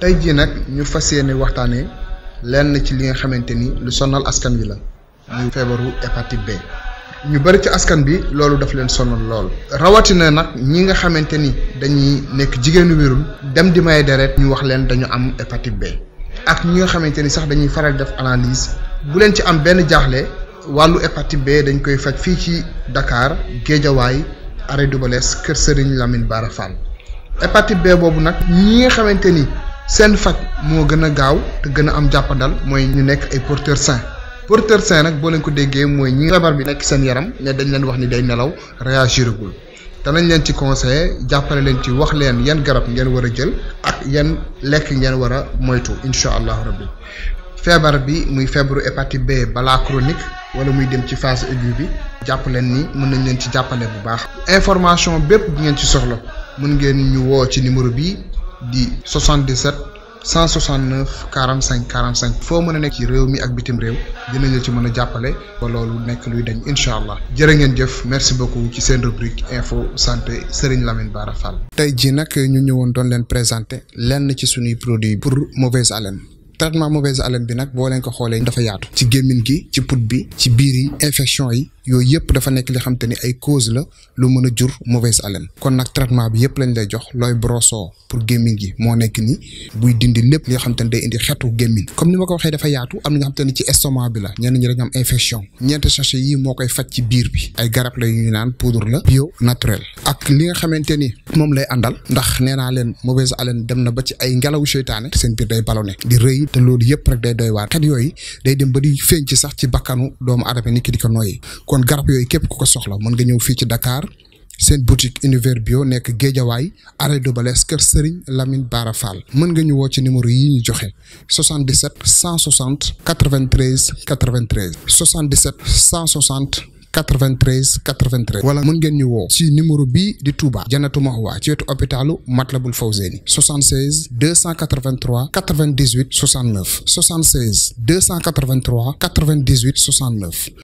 tey jii nag ñu fas yéene waxtaanee lenn ci li nga xamante ni lu sonal askan bi la muy feebaru epati B ñu bëri ci askan bi loolu daf leen sonal lool rawatina nag ñi nga xamante ni dañuy nekk jigéenu wérul dem di may deret ñu wax leen dañu am hépatite B ak ñi nga xamante ni sax dañuy faral def analyse bu leen ci am benn jaaxle wàllu hépatite B dañ koy faj fii ci Dakar Géejawaay arrêt Doubalès Kër Serigne Lamine Bara Fall B boobu nag ñi nga xamante ni seen faj moo gën a gaaw te gën a am jàppandal mooy ñu nekk ay porteur sain porteur sain nag boo leen ko déggee mooy ñi feebar bi nekk seen yaram ne dañ leen wax ni day nelaw réagiragul danañ leen ci conseil jàppale leen ci wax leen yan garab ngeen war a jël ak yan lekk ngeen war a moytu incha allah rabbi feebar bi muy feebaru épati B balaa chronique wala muy dem ci phase aiguë bi jàpp leen ni mën nañ leen ci jàppale bu baax information bépp bu ngeen ci soxla mën ngeen ñu ci numéro bi di 77 169 45 45 foo mën a nekk ci réew mi ak bitim réew dinañ la ci mën a jàppale ba loolu nekk luy dañ incha allah jërë ngeen jëf merci beaucoup ci seen rubrique info santé Serigne Lamine Bara Fall. tey jii nag ñu ñëwoon doon leen présenté lenn ci suñuy produit pour mauvaise haleine. traitement mauvaise haleine bi nag boo leen ko xoolee dafa yaatu. ci gémmiñ gi ci put bi ci biir yi infection yi. yooyu yëpp dafa nekk li xam te ni ay cause la lu mën a jur mauvaise haleine kon nag traitement bi yëpp lañ lay jox looy broso pour gémmiñ gi moo nekk ni buy dindi lépp li xam te ni day indi xetu gémmiñ comme ni ma ko waxee dafa am na nga xam te la ñenn ñi dañu am infection ñeenti sachet yi moo koy faj ci biir bi ay garab la ñu naan poudre la bio naturel ak li nga xamante ni moom lay àndal ndax nee naa leen mauvaise haleine dem na ba ci ay ngelaw seytaane seen biir day ballonné di rëy te loolu yëpp rek day doy waar xet yooyu day dem ba di feeñ ci sax ci bakkanu doomu aadama ni ki di ko nooyi kon garab ko soxla nga Dakar sen boutique univers bio arrêt de Balès Serigne Lamine barafal. mën nga ñu wo numéro yi ñu 77 160 93 93 77 160 93 93 wala mën ngeen ñu wo ci numéro bi di Touba Mahwa ci hôpitalu Fawzeni 76 283 98 69 76 283 98 69